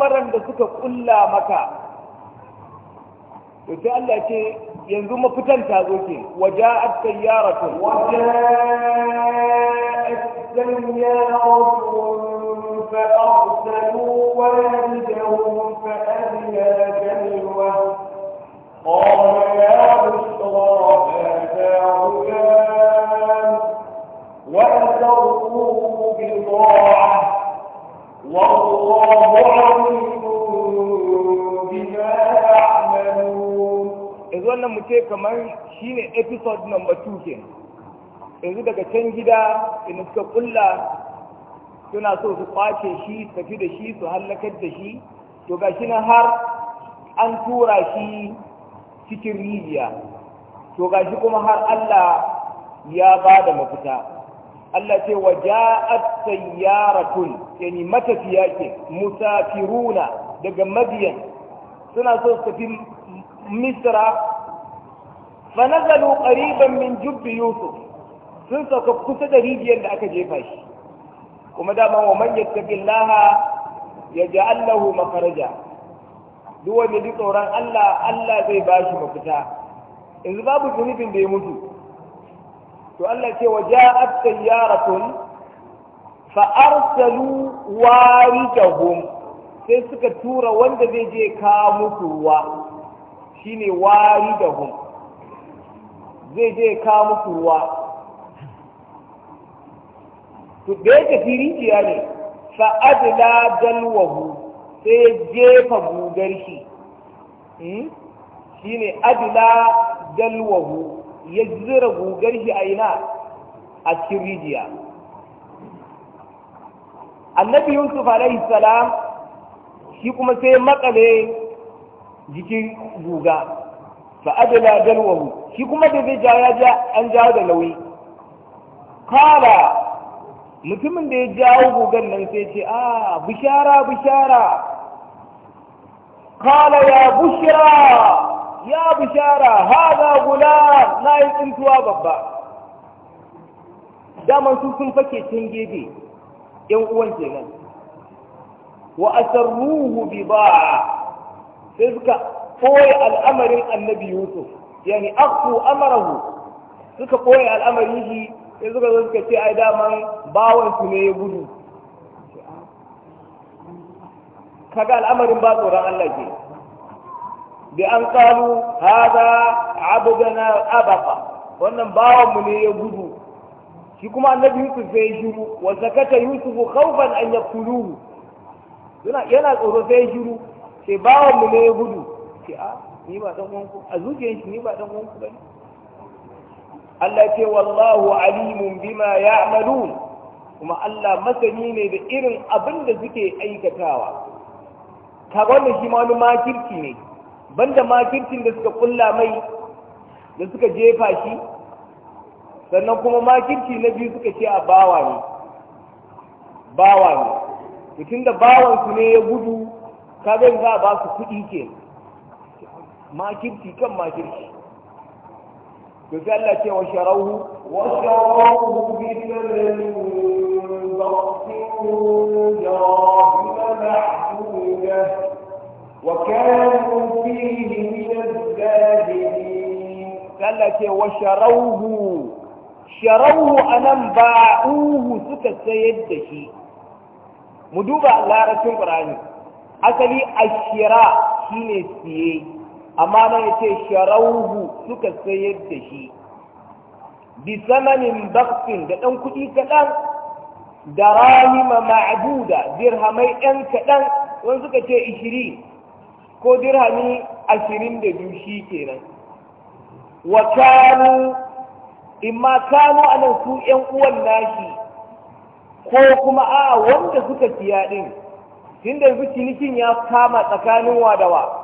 al'amuran da suka kulla maka to sai Allah ce yanzu mafitan ta zo ke waja'at sayyaratun waja'at sayyaratun فأرسلوا والدهم فأذن جلوة قال يا بشرى هذا غلام وأسروه بضاعة والله عليم wannan mu ce kamar shine episode number 2 ke yanzu daga can gida in suka kulla suna so su kwace shi tafi da shi su hallakar da shi to ga shi na har an tura shi cikin rijiya to ga shi kuma har Allah ya ba da mafita Allah ce wa ja'at sayyaratun yani matafiya ke musafiruna daga madiyan suna so su tafi misra fa nazalu qariban min jubbi yusuf sun sauka kusa da rijiyar da aka jefa shi kuma daman wa man yattaqillaha yaj'al lahu makharaja duk wanda ji tsoron Allah Allah zai bashi mafita yanzu babu zunubin da ya mutu to Allah ce wa ja'at sayyaratun fa arsalu waridahum sai suka tura wanda zai je ka mutu ruwa shine waridahum zai je kawo musu ruwa to da yake firijiya ne fa'adla dalwahu sai jefa gugar shi hmm? shi ne adla dalwahu ya zira gugar shi a ina a cikin annabi yusuf alaihi salam shi kuma sai makale jikin guga fa'adla dalwahu shi kuma da zai ja ya ja an ja da nauyi kala mutumin da ya jawo gugan nan sai ce a bishara bishara kala ya bushira ya bishara haza gula na yi tsintuwa babba daman su sun fake can gefe yan uwan kenan wa asarruhu bi ba sai suka koyi al'amarin annabi yusuf yani akku amarahu suka koya al'amari shi sai suka zo suka ce ai daman bawan su ne ya gudu kaga al'amarin ba tsoron Allah ke bi an qalu hada abdana abaqa wannan bawan mu ne ya gudu shi kuma annabi Yusuf sai ya shiru wa zakata Yusuf khawfan an yaqtuluhu yana yana tsoro sai ya shiru sai bawan mu ne ya gudu sai a ah, ni ba dan uwanku a zuciyar shi ni ba dan uwanku bane Allah ce wallahu alimun bima ya'malun kuma Allah masani ne da irin abin da suke aikatawa kaga wannan shi ma wani makirci ne banda makircin da suka kulla mai da suka jefa shi sannan kuma makirci na biyu suka ce a bawa ne bawa ne tunda da bawansu ne ya gudu ka yanzu a ba su kuɗi ke. makirci kan makirci to sai Allah ce wa sharahu wa sharahu bi sirrin baqtin jarahima mahduda wa kanu fihi min az-zahidin sai Allah ce wa sharahu sharahu anan ba'uhu suka sayar da shi mu duba larabcin qur'ani asali ashira shine siye amma nan ce sharauhu suka sayar da shi bi zamanin bakfin da ɗan kuɗi kaɗan da rahima ma'abuda dirhamai ɗan kaɗan wani suka ce ishiri ko dirhami ashirin da biyu shi kenan wa kanu imma kanu a nan su ‘yan uwan nashi ko kuma a wanda suka siya ɗin tun da yanzu cinikin ya kama tsakanin wadawa.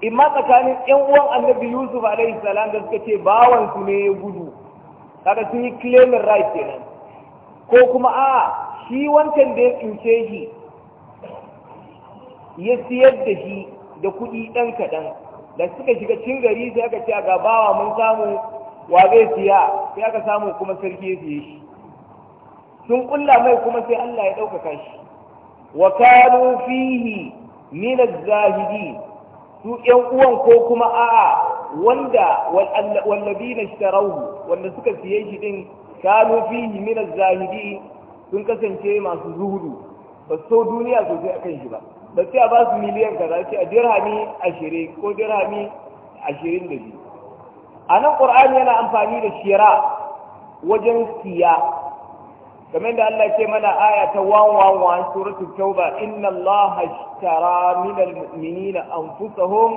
imma tsakanin yan uwan annabi yusuf alaihi salam da suka ce bawan su ne ya gudu kaga sun yi claiming right kenan ko kuma a shi wancan da ya tsince shi ya siyar da shi da kuɗi ɗan kaɗan da suka shiga cin gari sai aka ce a gabawa mun samu wa zai siya sai aka samu kuma sarki ya siye shi sun ƙulla mai kuma sai Allah ya ɗaukaka shi wa kanu fihi min az-zahidin su ‘yan uwan ko kuma a'a wanda wallabi na wanda suka siye shi din kanu fihi min zahidi sun kasance masu zuhudu ba so duniya sosai a kan shi ba ba sai a ba su miliyan kaza ce a dirhami ashirin ko dirhami ashirin da biyu a nan ƙur'ani yana amfani da shira wajen siya kamar da Allah ke mana aya ta 111 suratul tauba inna allaha ishtara min almu'minina anfusahum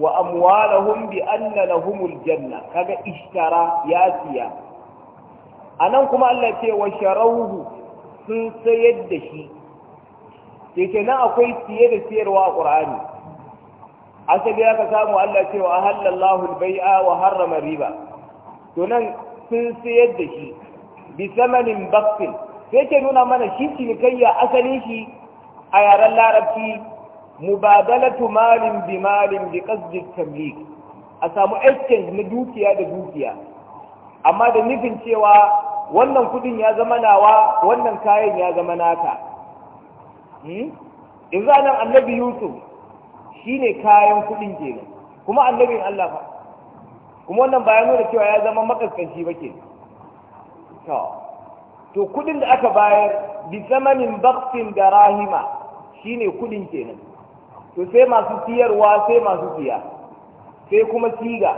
wa amwalahum bi anna lahumul janna kaga ishtara ya siya anan kuma Allah ce wa sharawhu sun sayar da shi yake na akwai siye da siyarwa a Qur'ani asali ya ka samu Allah ce wa halallahu al-bai'a wa harrama riba to nan sun sayar da shi bi samanin baksin sai ke nuna mana shi cinikayya asalin shi a yaren larabci mubadalatu malin bi malin bi qasdi tamlik a samu exchange na dukiya da dukiya amma da nufin cewa wannan kudin ya zama nawa wannan kayan ya zama naka in hmm? za nan annabi yusuf shi ne kayan kudin kenan kuma annabin allah fa kuma wannan bayan nuna cewa ya zama makaskanci ba kenan to kudin da aka bayar bi zamanin baktin da rahima shine kudin kenan to sai masu siyarwa sai masu siya sai kuma siga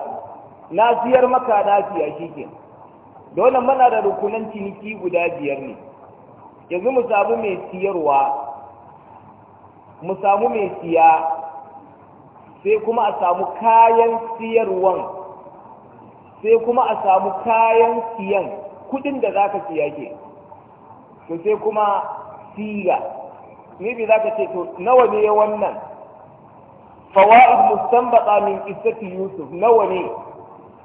na siyar maka na siya shi ke da mana muna da rukunan ciniki guda biyar ne yanzu mu samu mai siyarwa mu samu mai siya sai kuma a samu kayan siyarwan sai kuma a samu kayan siyan kudin da za ka siya ke to sai kuma siga maybe za ka ce to nawa ne wannan fawa'id mustanbata min qissati yusuf nawa ne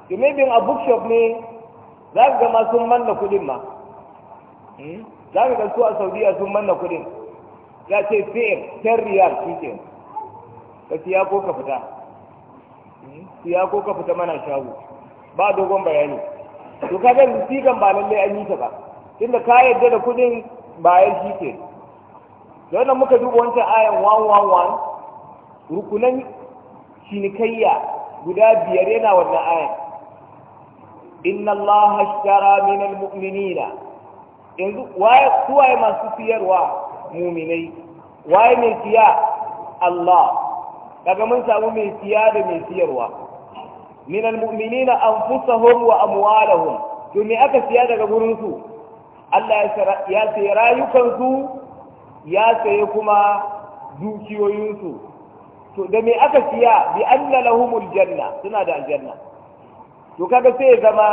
to maybe a bookshop ne za ka ga ma sun manna kudin ma hmm? za ka ga su a saudiya sun manna kudin ya ce fiye ten riyal shi ke ka siya ko ka fita hmm? siya ko ka fita mana shago ba dogon bayani to ga risikan ba lallai an yi ta ba tunda ka yarda da kuɗin bayan shi ke da wannan muka duba wancan ayan 111 rukunan cinikayya guda biyar yana wannan ayan inna allaha ashtara min almu'minina yanzu waye kuwaye masu siyarwa muminai waye mai siya Allah daga mun samu mai siya da mai siyarwa min almu'minina anfusahum wa amwalahum to me aka siya daga gurin Allah ya sayi rayukansu ya sayi kuma dukiyoyinsu to da me aka siya bi anna lahumul janna suna da aljanna to kaga sai ya zama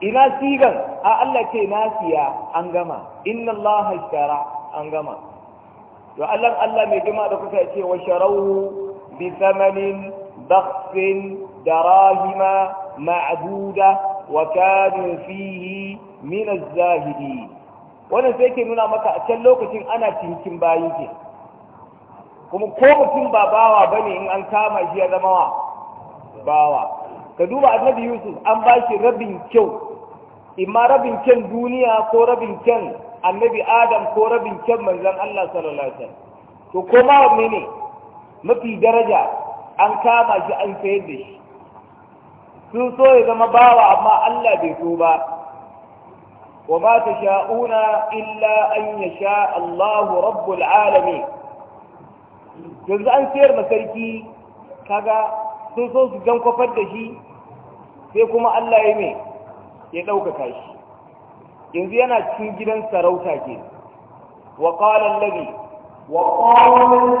ina sigan a Allah ce na siya an gama inna Allah ishtara an gama to Allah Allah mai jima da kuka ce wa sharawu bi thamanin دراهم معدودة وكانوا فيه من الزاهدين wannan sai ke nuna maka a can lokacin ana cikin bayi ke kuma ko mutum ba bawa ba ne in an kama shi ya zama wa bawa ka duba annabi yusuf an ba shi rabin kyau imma rabin kyan duniya ko rabin kyan annabi adam ko rabin kyan manzon allah sallallahu alaihi wasallam to ko ma ne mafi daraja an kama shi an sayar da shi sun so ya zama bawa amma Allah bai so ba wa ta sha'una illa an sha Allahu rabbul alamin yanzu an sayar da sarki kaga sun so su gan kwafar da shi sai kuma Allah ya mai ya ɗaukaka shi yanzu yana cikin gidan sarauta ke wa qala allazi wa qala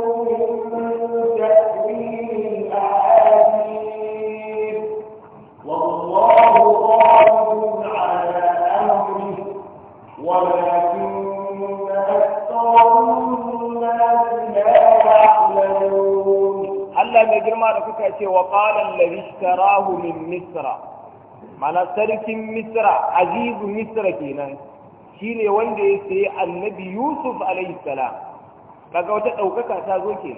Allah mai girma da kuka ce wa ƙalan larishtarahu min Misra, mana sarkin Misra, azizu Misra kenan, shi ne wanda ya sayi annabi Yusuf alaihissalam, kaga wata ɗaukaka ta zo ke,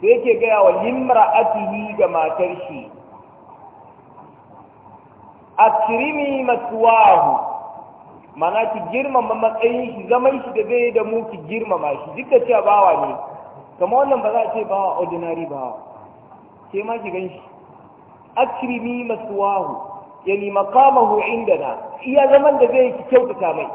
sai yake gaya wa limra ga matar shi, akirimi matuwahu mana ki girmama matsayin shi zaman shi da zai da mu ki girmama shi duk da cewa bawa ne kamar wannan ba za a ce bawa ordinary bawa ke ma ki gan shi matuwahu ya ni makamahu na iya zaman da zai ki kyautata mai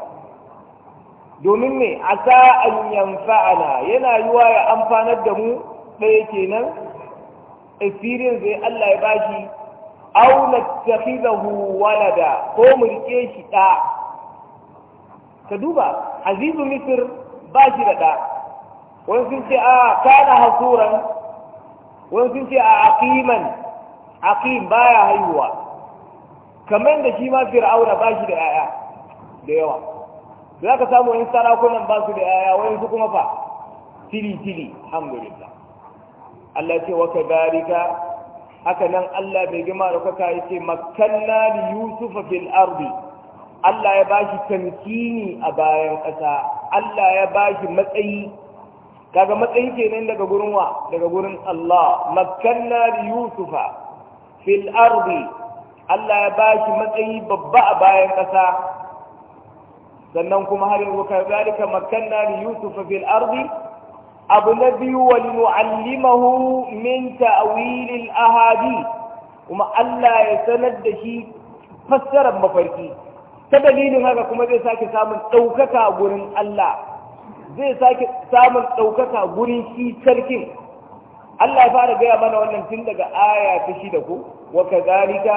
domin me sa an yanfa'ana yana yiwa ya amfanar da mu ɗaya kenan experience zai Allah ya bashi aw nattakhidahu walada ko mu rike shi da ka duba azizu misr ba shi da da wani sun ce a ah, kana hasuran wani sun ce a ah, aqiman aqim baya haihuwa kamar da shi ma fir'auna ba shi da yaya da yawa za ka samu wani sarakunan ba su da yaya wani su kuma fa tili tili alhamdulillah Allah ce wa kadhalika haka nan Allah bai gima da kuka yi ce makanna da yusufa fil ardi Allah ya bashi tamkini a bayan ƙasa Allah ya bashi matsayi kaga matsayi kenan daga gurin wa daga gurin Allah makanna da yusufa fil ardi Allah ya bashi matsayi babba a bayan ƙasa sannan kuma har yanzu kazalika makanna da yusufa fil ardi abu na biyu wani mu'allimahu min ta'wilil ahadi kuma Allah ya sanar da shi fassarar mafarki ta dalilin haka kuma zai sake samun ɗaukaka gurin Allah zai sake samun ɗaukaka gurin shi sarkin Allah ya fara gaya mana wannan tun daga aya ta shida ko wa kadhalika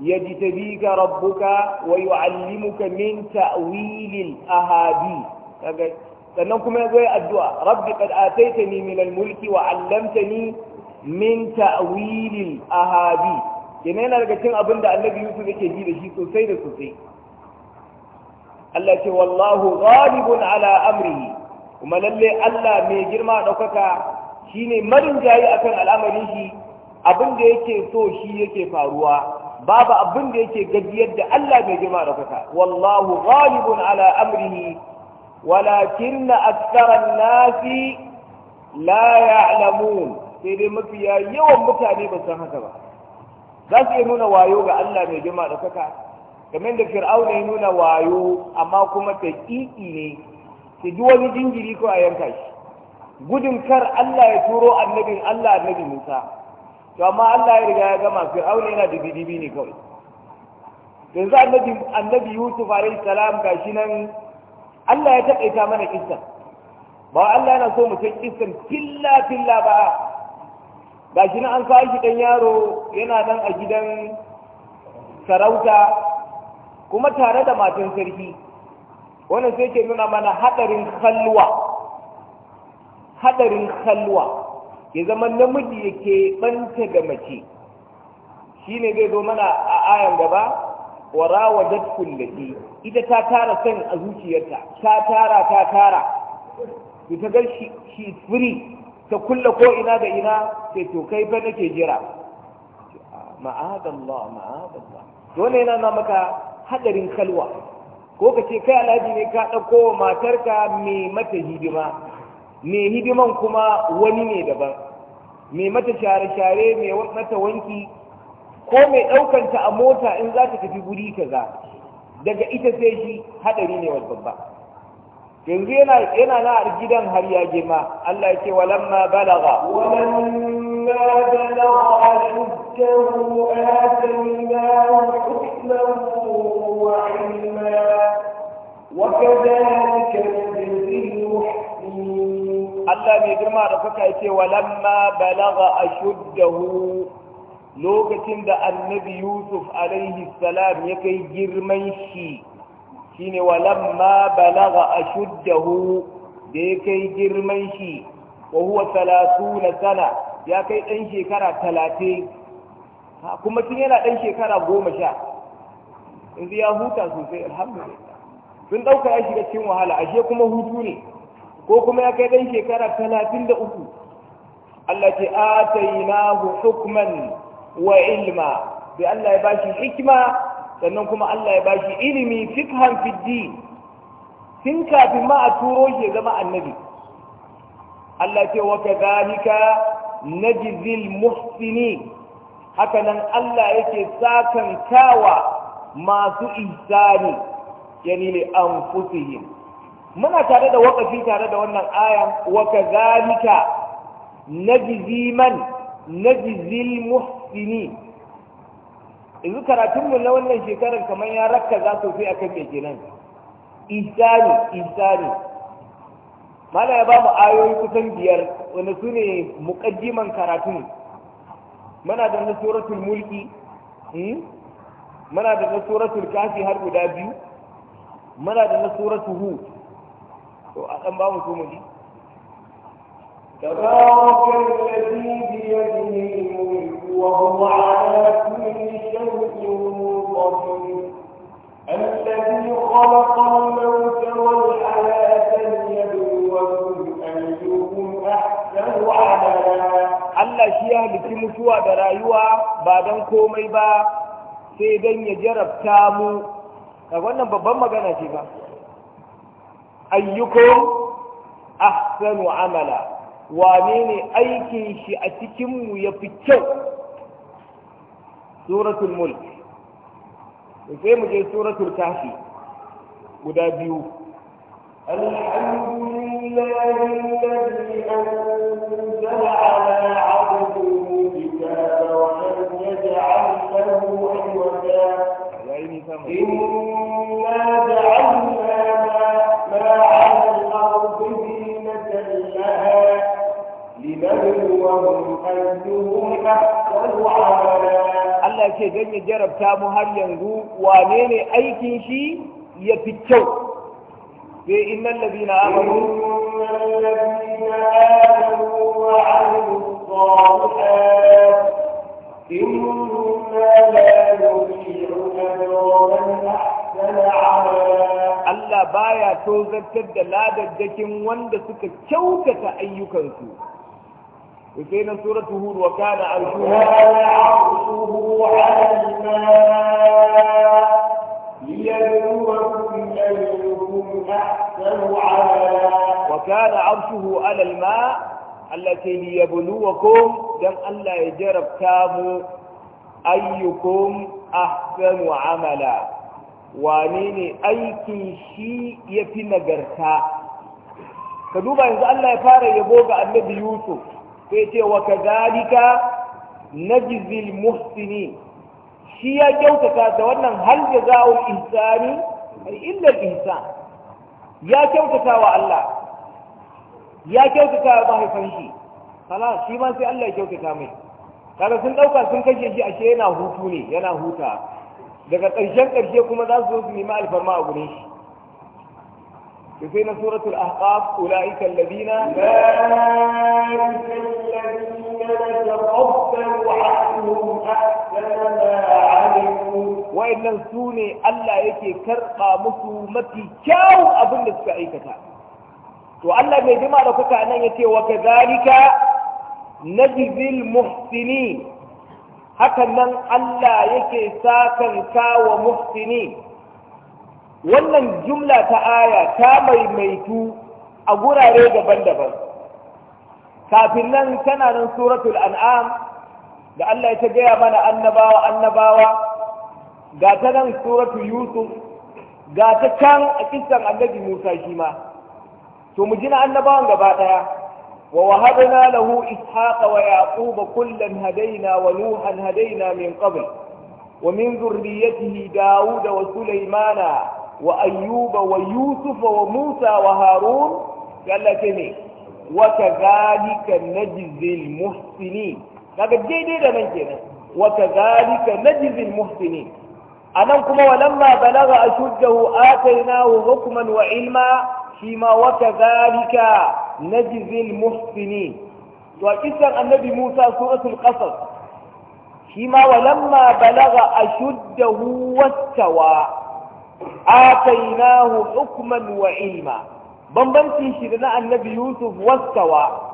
yajtabika rabbuka wa yu'allimuka min ta'wilil ahadi kaga sannan kuma ya zo ya addu'a rabbi qad ataitani min mulki wa ni min ta'wilil ahabi yana yana daga cin abin da annabi yusuf yake ji da shi sosai da sosai Allah ce wallahu ghalibun ala amrihi kuma lalle Allah mai girma shi shine marin jayi akan al'amarin shi abin da yake so shi yake faruwa babu abin da yake gajiyar da Allah mai girma daukaka wallahu ghalibun ala amrihi walakin na aksaran nasi la ya'lamun sai dai mafiya yawan mutane ba san haka ba za su iya nuna wayo ga Allah mai jima da saka kamar da fir'auna ya nuna wayo amma kuma ta taƙiƙi ne su ji wani jingiri ko a yanka shi gudun kar Allah ya turo annabin Allah annabi Musa to amma Allah ya riga ya gama fir'auna yana da bidibi ne kawai yanzu annabi annabi Yusuf alaihi salam shi nan Allah ya taƙaita mana kissan ba Allah yana so mutum kissan filla filla ba ba shi na an kawo shi ɗan yaro yana nan a gidan sarauta kuma tare da matan sarki wannan sai ke nuna mana haɗarin kalluwa, haɗarin kalluwa. ya zama namiji yake ɓanta ga mace shi ne zai zo mana a ayan gaba wa rawajat kullati ita ta tara san a zuciyarta ta tara ta tara ki ta ga shi free ta kulla ko ina da ina sai to kai fa nake jira ma'adallah ma'adallah dole yana na maka hadarin kalwa ko ka ce kai alhaji ne ka ɗauko matarka mai mata hidima mai hidiman kuma wani ne daban mai mata share-share me mata wanki ko mai ɗaukanta a mota in za ta tafi guri kaza daga ita sai shi haɗari ne wa babba yanzu yana yana na gidan har ya gema Allah ya walamma balaga walamma balaga ashuddahu atainahu hukman wa ilma wa kadhalika nujzi muhsinin Allah mai girma da kuka ce walamma balaga ashuddahu lokacin da annabi yusuf alaihi salam ya kai girman shi shine walamma balagha ashuddahu da ya kai girman shi wa huwa salasuna sana ya kai ɗan shekara talatin kuma tun yana ɗan shekara goma sha yanzu ya huta sosai alhamdulillah sun ɗauka ya shiga cikin wahala ashe kuma hutu ne ko kuma ya kai ɗan shekara talatin da uku Allah ce atainahu hukman wa ilma bi Allah ya bashi hikima sannan kuma Allah ya bashi ilimi fikhan fiddi tun kafin ma a turo shi ya zama annabi Allah ce wa kadhalika najzil muhsini haka nan Allah yake sakan kawa masu ihsani yani li anfusihim muna tare da wakafi tare da wannan ayan wa kadhalika najzi man najizi muhsini yanzu karatunmu na wannan shekarar kamar ya rakka za su fi a kan keke nan isani isani mana ya ba mu ayoyi kusan biyar wanda su ne muƙaddiman karatun mana da na suratul mulki mana hmm? da na suratul kafi har guda biyu mana da na suratul hu to a ɗan ba mu su mu ji تبارك الذي بيده الملك وهو على كل شيء قدير الذي خلق الموت والحياة ليبلوكم أيكم أحسن عملا Allah shi ya halitti mutuwa da rayuwa ba don komai ba sai don ya jarabta mu ga wannan babban magana ce ba ayyukum ahsanu amala wane ne aikin shi a cikinmu ya fi kyau suratul mulk sai mu je suratul kafi guda biyu الحمد لله الذي أنزل على عبده الكتاب ولم يجعل له عوجا إنا جعلنا ما على الأرض لنبلوهم أيهم أحسن عملا Allah ce don ya jarabta mu har yanzu wane ne aikin shi ya fi kyau sai innan labi na amanu إنا لا نضيع أجر من أحسن عملا Allah baya tozartar da ladaddakin wanda suka kyautata ayyukansu sai na suratu hud wa kana arshuhu وكان عرشه على الماء التي ليبلوكم دم الله يجرب كامو أيكم أحسن عملا wane ne aikin shi ya fi nagarta ka duba yanzu Allah ya fara yabo ga annabi Yusuf sai ce wa kadhalika najzil muhsini shi ya kyautata da wannan hal jazaa'ul ihsani ai illa al-ihsan ya kyautata wa Allah ya kyautata wa mahaifin shi kala shi ma sai Allah ya kyautata mai Kada sun dauka sun kashe shi ashe yana hutu ne yana huta daga ƙarshen ƙarshe kuma za su zo su nemi alfarma a gure shi to sai na suratul ahqaf ulaika alladhina ulaika alladhina taqabbalu anhum ahsana ma amilu wa'annan su ne Allah yake karɓa musu mafi kyawun abin da suka aikata to Allah mai jima da kuka nan yace wa kadhalika najzil muhsinin hakan nan Allah yake sakanta wa muhsini wannan jumla ta aya ta maimaitu a gurare daban-daban kafin nan tana nan suratul an'am da Allah ya ta gaya mana annabawa annabawa ga ta nan suratul yusuf ga ta can a kisan annabi musa shi ma to mu ji na annabawan gaba ɗaya ووهبنا له إسحاق ويعقوب كلا هدينا ونوحا هدينا من قبل ومن ذريته داود وسليمان وأيوب ويوسف وموسى وهارون قال كني وكذلك نجزي المحسنين هذا جيد من كنا وكذلك نجزي المحسنين أنا كما ولما بلغ أشده آتيناه حكما وعلما فيما وكذلك najzil muhsinin to a kisan annabi Musa suratul qasas shi ma walamma balaga ashuddahu wattawa atainahu hukman wa ilma bambancin shi da na annabi Yusuf wattawa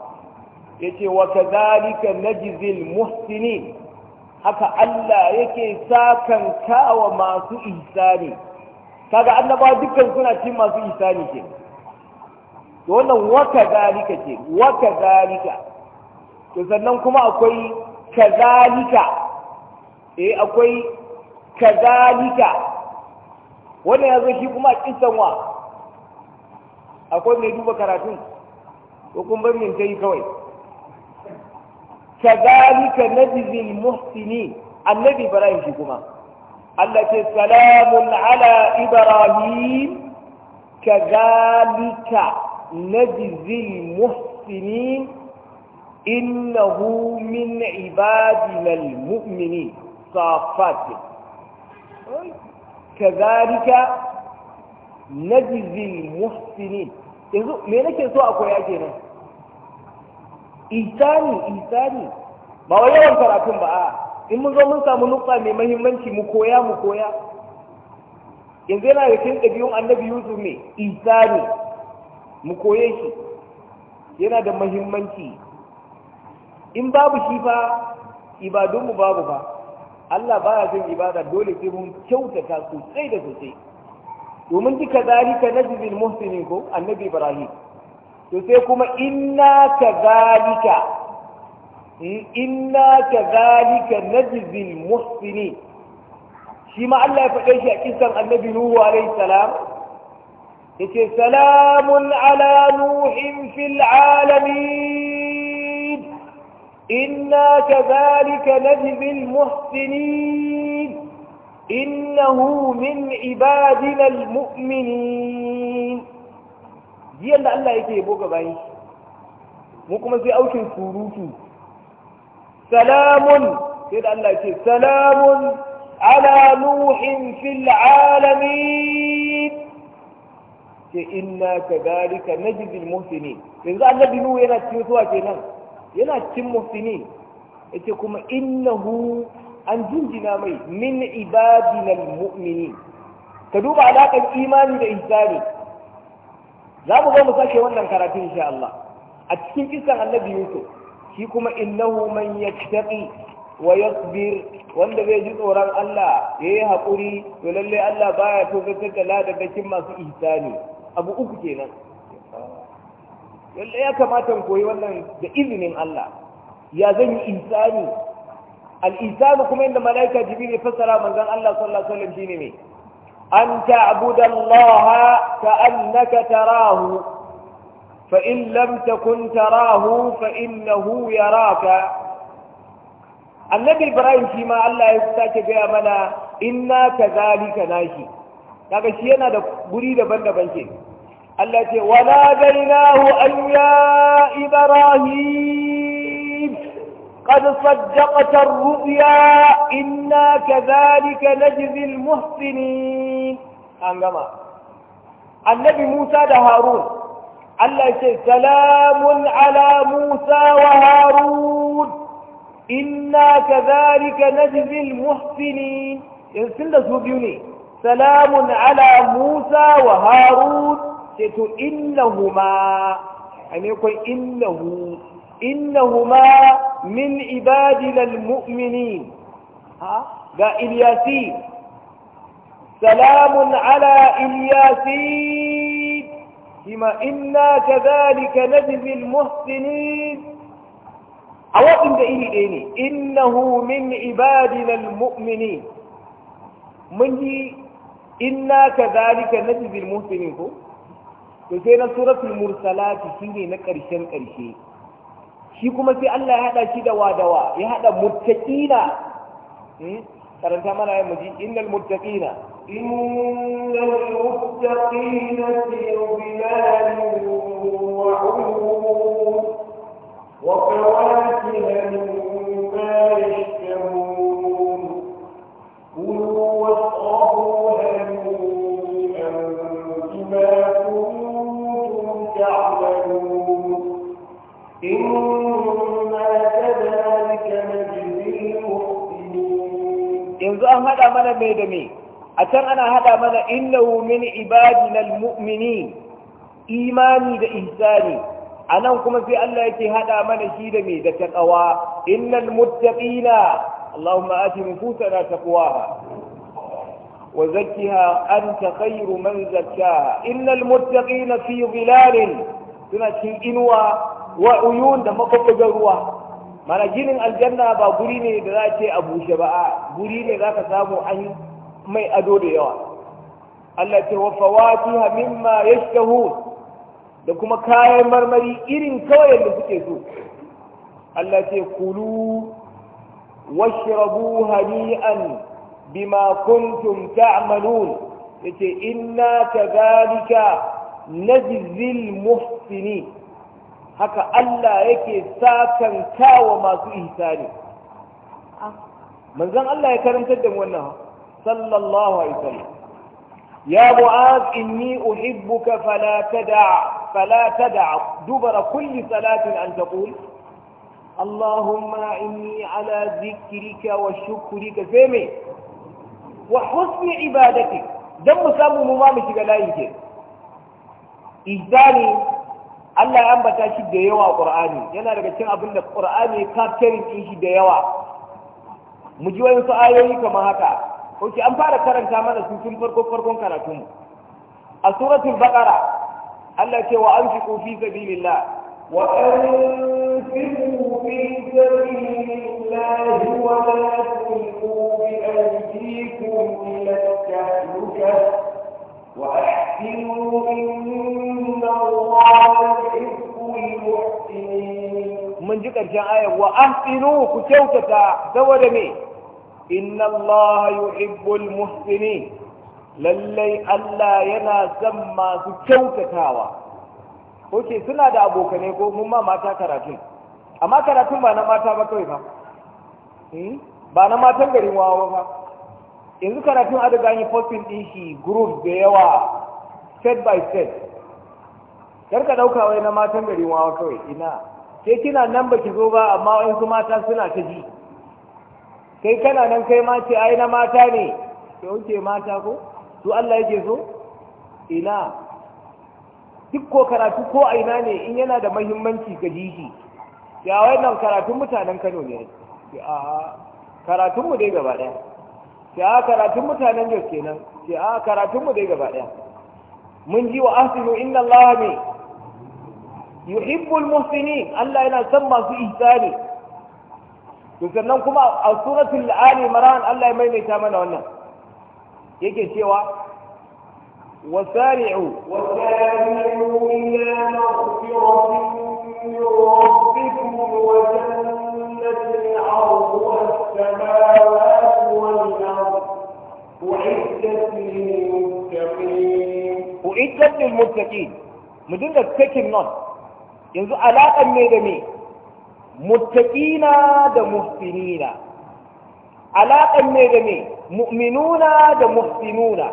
yace wa kadhalika najzil muhsinin haka Allah yake sakan kawa masu ihsani kaga annaba dukkan suna cin masu ihsani kenan to wannan waka zalika ce waka zalika to sannan kuma akwai kazalika eh akwai kazalika wannan yazo shi kuma kisan wa akwai mai duba karatun ko kun bar min dai kawai kazalika najzil muhsini annabi ibrahim shi kuma Allah ce salamun ala ibrahim kazalika نجزي المحسنين إنه من عبادنا المؤمنين صافات كذلك نجزي المحسنين yanzu me nake so a koya kenan ihsani ihsani ba wa yawan karatun ba in mun zo mun samu nukta mai mahimmanci mu koya mu koya yanzu yana da cikin ɗabi'un annabi yusuf ne ihsani mu koye shi yana da mahimmanci in babu shi fa ibadunmu babu ba Allah baya son ibada dole sai mun kyautata sosai da sosai domin duka zalika najzil muhsinin ko annabi ibrahim to sai kuma inna kadhalika hmm, inna kadhalika najzil muhsinin shi ma Allah ya faɗe shi a kisan annabi nuhu alaihi salam yace salamun ala nuhin fil alamin inna kadhalika najzi al muhsinin innahu min ibadinal al mu'minin jiyan da Allah yake yabo gaba yi mu kuma sai aukin surutu salamun sai da Allah yake salamun ala nuhin fil alamin ce inna yanzu annabi nuhu yana cikin zuwa kenan yana cikin muhsinin yace kuma innahu an jinjina mai min ibadina almu'minin ka duba alaƙar imani da ihsani za mu zo mu sake wannan karatu insha Allah a cikin kisan annabi Yusuf shi kuma innahu man yattaqi wa yasbir wanda zai ji tsoron Allah yayi hakuri to lalle Allah baya to zai da ladadakin masu ihsani abu uku kenan lalle ya kamata koyi wannan da izinin Allah ya zan yi insani al-insanu kuma yadda malaika jibril ya fassara manzon Allah sallallahu alaihi wasallam shine me an ta'budu Allah ka'annaka tarahu fa in lam takun tarahu fa innahu yaraka annabi ibrahim shi ma Allah ya sake gaya mana inna kadhalika nashi kaga shi yana da guri daban-daban ke Allah ce wala gainahu an ya ibrahim qad saddaqata ar-ru'ya inna kadhalika najzi al-muhsinin an gama annabi Musa da Harun Allah ce salamun ala Musa wa Harun inna kadhalika najzi al-muhsinin yanzu da su biyu ne سلام على موسى وهارون سيتو إنهما أن يعني يقول إنه إنهما من عبادنا المؤمنين ها إلياسين سلام على إلياسين بما إنا كذلك نجزي المحسنين أوقف إلي إني إنه من عبادنا المؤمنين من إنا كذلك نجزي المهتمين هو تسينا سورة المرسلات شيني نكر شن أرشي شيكو مسي الله هذا شي دوا دوا هذا متكينا ترى انت مانا إن المتكينا إن المتقين في بلاد وعيون وفواكه من فارش yanzu an hada mana mai da mai a can ana hada mana innahu min ibadina almu'minin imani da ihsani nan kuma sai Allah yake hada mana shi da mai da taqwa innal muttaqina Allahumma ati nufusana taqwaha wa zakkiha anta khayru man zakkaha innal muttaqina fi dhilalin suna cikin inuwa wa uyun da mafakkar ruwa mana ginin aljanna ba guri ne da za ce a bushe ba a guri ne za ka samu an mai ado da yawa Allah ce wa fawatiha mimma yashtahun da kuma kayan marmari irin kawai da suke so Allah ce kulu washrabu hani'an bima kuntum ta'malun yace inna kadhalika najzil muhsinin haka Allah yake sakanta wa masu ihsani manzon Allah ya karantar da wannan sallallahu alaihi wasallam ya mu'az inni uhibbuka fala tad'a fala tad'a dubara kulli salatin an taqul اللهم إني على ذكرك وشكرك mu وحسن عبادتك دم سامو ممامي شغلائي كيف إهداني Allah ya ambata shi da yawa a Qur'ani yana daga cikin abin da Qur'ani ya kaftarin din shi da yawa mu ji wani su ayoyi kamar haka Koki an fara karanta mana su tun farko farkon karatun mu a suratul baqara Allah ce wa anfiqu fi sabilillah wa anfiqu fi sabilillah wa la tulqu bi aydikum ila tahlukah mun ji ƙarshen ayar wa tsinu ku kyautata saboda me inna allaha yuhibbul muhsinin lallai Allah yana son masu kyautatawa oke suna da abokane ko mun ma mata karatun amma karatun ba na mata ba kawai ba ba na matan garin wawa ba yanzu karatun adaga riga yi posting din shi group da yawa set by set kar ka dauka wai na matan gari wawa kawai ina sai kina nan baki zo ba amma su mata suna ta ji kai kana nan kai ma ce ai na mata ne ke wuce mata ko su Allah yake so ina duk ko karatu ko a ina ne in yana da mahimmanci ga jiji ya wannan karatun mutanen Kano ne a karatunmu dai gaba daya sai a karatun mutanen jos kenan sai a karatun mu dai gaba daya mun ji wa ahsinu inna Allah ne yuhibbul muhsinin Allah yana son masu ihsani to sannan kuma a suratul ali imran Allah ya maimaita mana wannan yake cewa وسارعوا وسارعوا إلى مغفرة من ربكم وجنة عرضها السماوات Ku uiddat lil muttaqin mu dinga taking note yanzu alaƙan ne da me mutaki na da muhsinina alaƙan ne da me mu'minuna da muhsinuna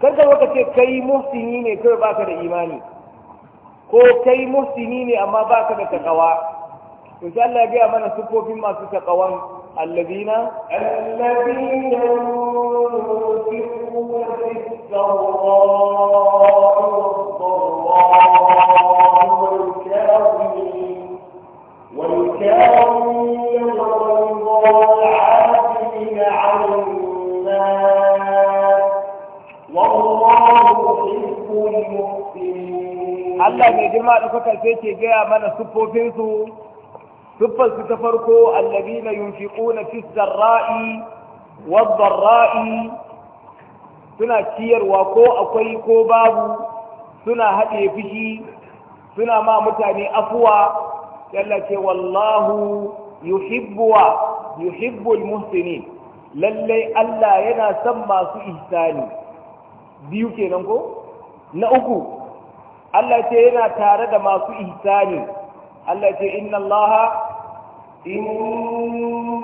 karka ka ce kai muftini ne kai baka da imani ko kai muftini ne amma baka da takawa to sai Allah ya ga mana sufofin masu takawan الذين الذين ينفقون في السراء والضراء والكاظمين والكاظمين الغيظ والعافين عن الناس والله الله ne girma da kuka sai ke gaya siffarsu ta farko yunfi yunfiquna fi ra'i wad ra'i suna ciyarwa ko akwai ko babu suna haɗe fushi suna ma mutane afuwa yalla ce wallahu yuhibbuwa yuhibbul lallai Allah yana son masu ihsani biyu kenan ko na uku Allah ce yana tare da masu ihsani Allah ce inna Allah إن الله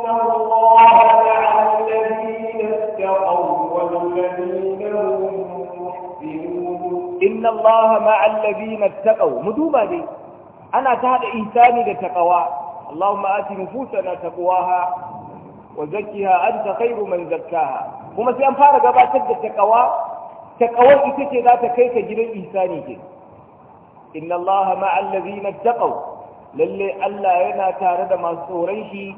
مع الذين اتقوا مدوبة دي أنا تهد إنساني لتقوى اللهم آتي نفوسنا تقواها وزكيها أنت خير من زكاها هم سيأنفار قبعة تجد تقوى تقوى إتتي ذات كيك جلي إنساني إن الله مع الذين اتقوا lalle Allah yana tare da masu tsoron shi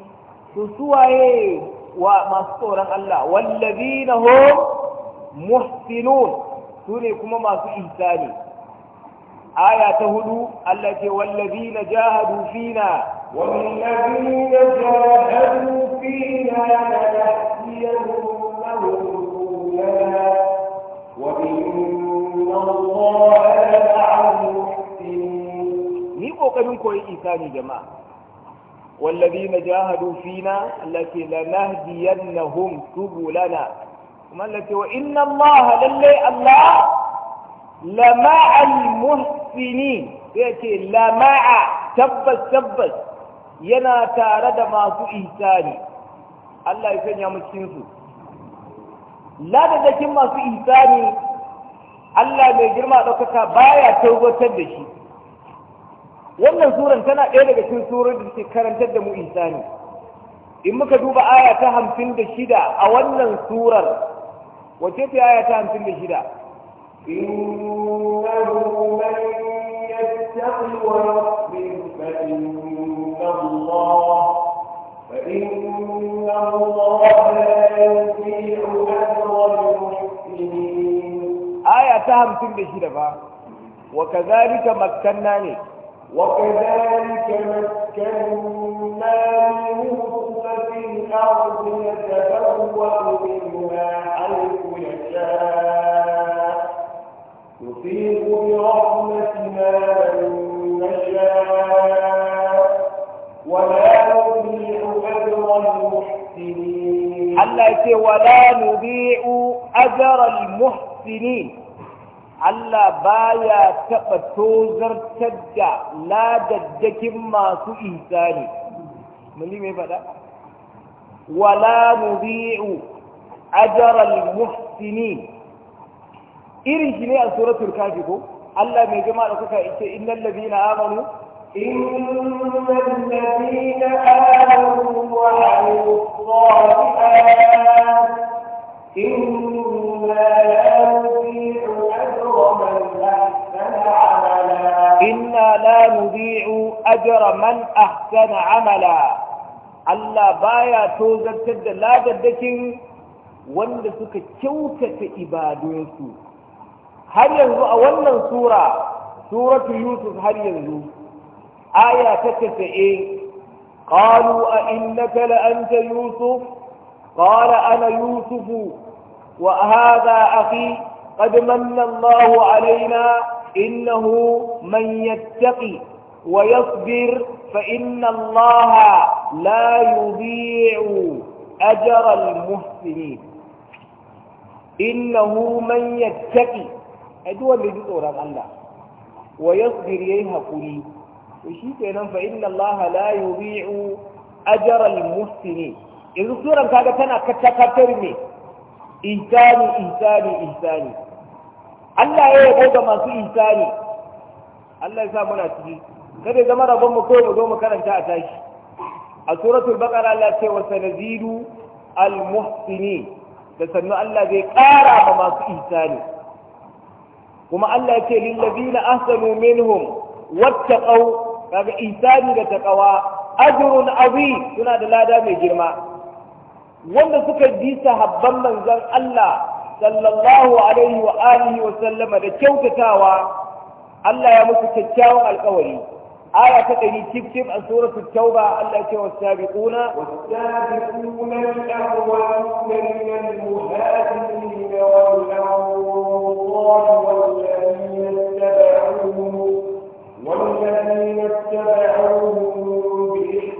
su suwaye wa masu tsoron Allah Wallabi na hum muhsinun sune kuma masu ihsani aya ta hudu Allah ce wallabi wallazina jahadu fina wallazina jahadu fina lanahdiyannahum wa inna Allah kokarin koyi isani jama'a wallazina jahadu fina allati lanahdiyannahum subulana kuma allati wa inna ma lallai allah lama'al muhsinin sai ce tabbas tabbas yana tare da masu ihsani Allah ya sanya mu cikin su ladadakin masu ihsani Allah mai girma ɗaukaka baya taubatar da shi wannan suran tana ɗaya daga cikin surar da suke karantar da mu insani in muka duba aya ta hamsin da shida a wannan surar wace ce aya ta hamsin da shida إنه من يتق ويصبر فإن الله فإن الله لا يضيع أجر المحسنين آية تهم تم بشرفة وكذلك مكنا وكذلك مكنا ليوسف في الأرض يتبوأ منها حيث يشاء نصيب برحمتنا من نشاء ولا نضيع أجر المحسنين الله يقول ولا نضيع أجر المحسنين Allah baya taɓa tozartar da ladaddakin masu ihsani muni mai faɗa wala nubi'u ajral muhsinin irin shi ne a suratul kafi ko Allah mai jama'a da ita ce innal na amanu إن الذين آمنوا وعملوا الصالحات إنا لا نضيع أجر من أحسن عملا الله بايا توزر تد لا جدك ولسك سك شوكة إبادوك هل ينزو أولا سورة سورة يوسف هل ينزو آية تكفئ قالوا أئنك لأنت يوسف قال أنا يوسف وهذا أخي قد من الله علينا إنه من يتقي ويصبر فإن الله لا يضيع أجر المحسنين إنه من يتقي أدوى اللي جزء الله ويصبر قولي وشيء فإن الله لا يضيع أجر المحسنين yanzu suran kaga tana katakatar ne insani insani insani Allah ya yabo ga masu insani Allah ya sa muna ciki kada zama rabon mu kawai zo mu karanta a tashi a suratul baqara Allah ce wa sanazidu al muhsini da sannu Allah zai ƙara ma masu isani. kuma Allah ya ce lil ladina ahsanu minhum wattaqu kaga insani da taqwa ajrun azim suna da lada mai girma wanda suka ji sahabban manzon Allah sallallahu alaihi wa alihi wa sallama da kyautatawa Allah ya musu kyakkyawan alƙawari آية تقري تكتب عن سورة التوبة التي والسابقون والسابقون الأولون من المهاجرين والأنصار والذين اتبعوهم والذين اتبعوهم بإحسان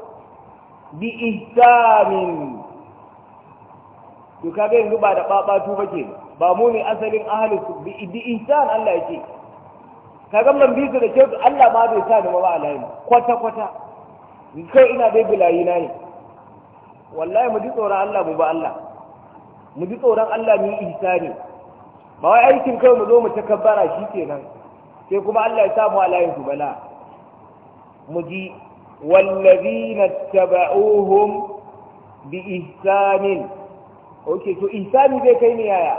bi ihsamin to kaga yanzu ba da baba ba ke ba mu ne asalin ahli su bi ihsan Allah yake kaga man bi su da ke Allah ma bai sa ni ba alai kwata kwata kai ina dai bilayi na ne wallahi mu ji tsoron Allah mu ba Allah mu ji tsoron Allah mu yi ihsani ba wai aikin kai mu zo mu takabbara shikenan sai kuma Allah ya samu alayin su bala mu ji والذين اتبعوهم بإحسان اوكي تو إحسان زي كيني يا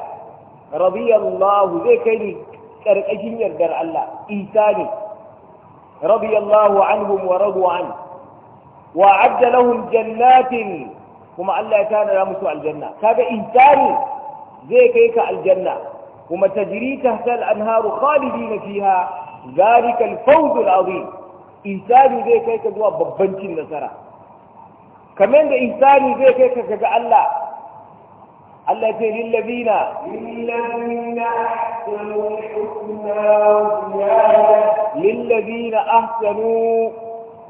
رضي الله زي كيني كرقشين يردر الله إحسان رضي الله عنهم ورضوا عنه وأعد لهم جنات وما الله كان لا الجنة هذا إحسان زي كيك الجنة وما تجري تحت الأنهار خالدين فيها ذلك الفوز العظيم insani zai kai ka zuwa babban cin nasara kamar da insani zai kai ka ga Allah Allah ce lillazina lillazina ahsanu husna wa lillazina ahsanu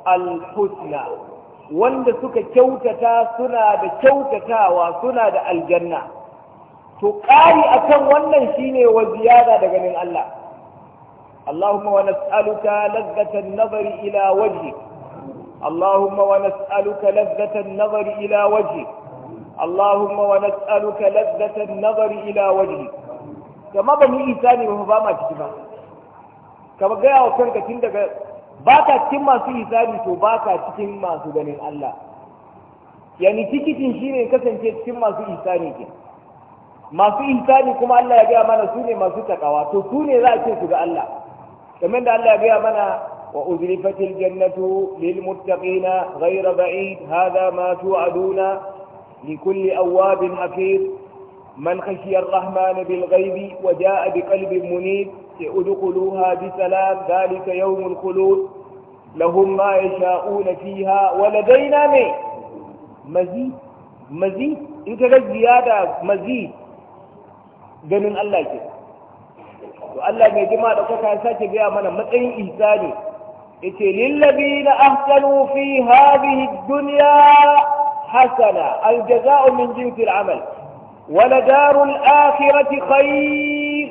al wanda suka kyautata suna da kyautatawa suna da aljanna to ƙari akan wannan shine wa ziyada daga nan Allah اللهم ونسألك لذة النظر إلى وجهك اللهم ونسألك لذة النظر إلى وجهك اللهم ونسألك لذة النظر إلى وجهك كما بني إساني وهو ما تجمع كما قال وكانك تندك باكا تما في إساني تو باكا تما سبحان الله yani tikitin shi ne kasance cikin masu ihsani ke masu ihsani kuma Allah ya gaya mana su ne masu takawa to su ne za a ce su ga Allah كمان قال لي يا منى وأزلفت الجنة للمتقين غير بعيد هذا ما توعدون لكل أواب حفيظ من خشي الرحمن بالغيب وجاء بقلب منيب سأدخلوها بسلام ذلك يوم الخلود لهم ما يشاءون فيها ولدينا مي مزيد مزيد انت زيادة مزيد قال الله كده to Allah mai jima da kuka ya sake gaya mana matsayin ihsani yace lillazina ahsanu fi hadhihi dunya hasana aljaza'u min jinsil amal ولدار الآخرة خير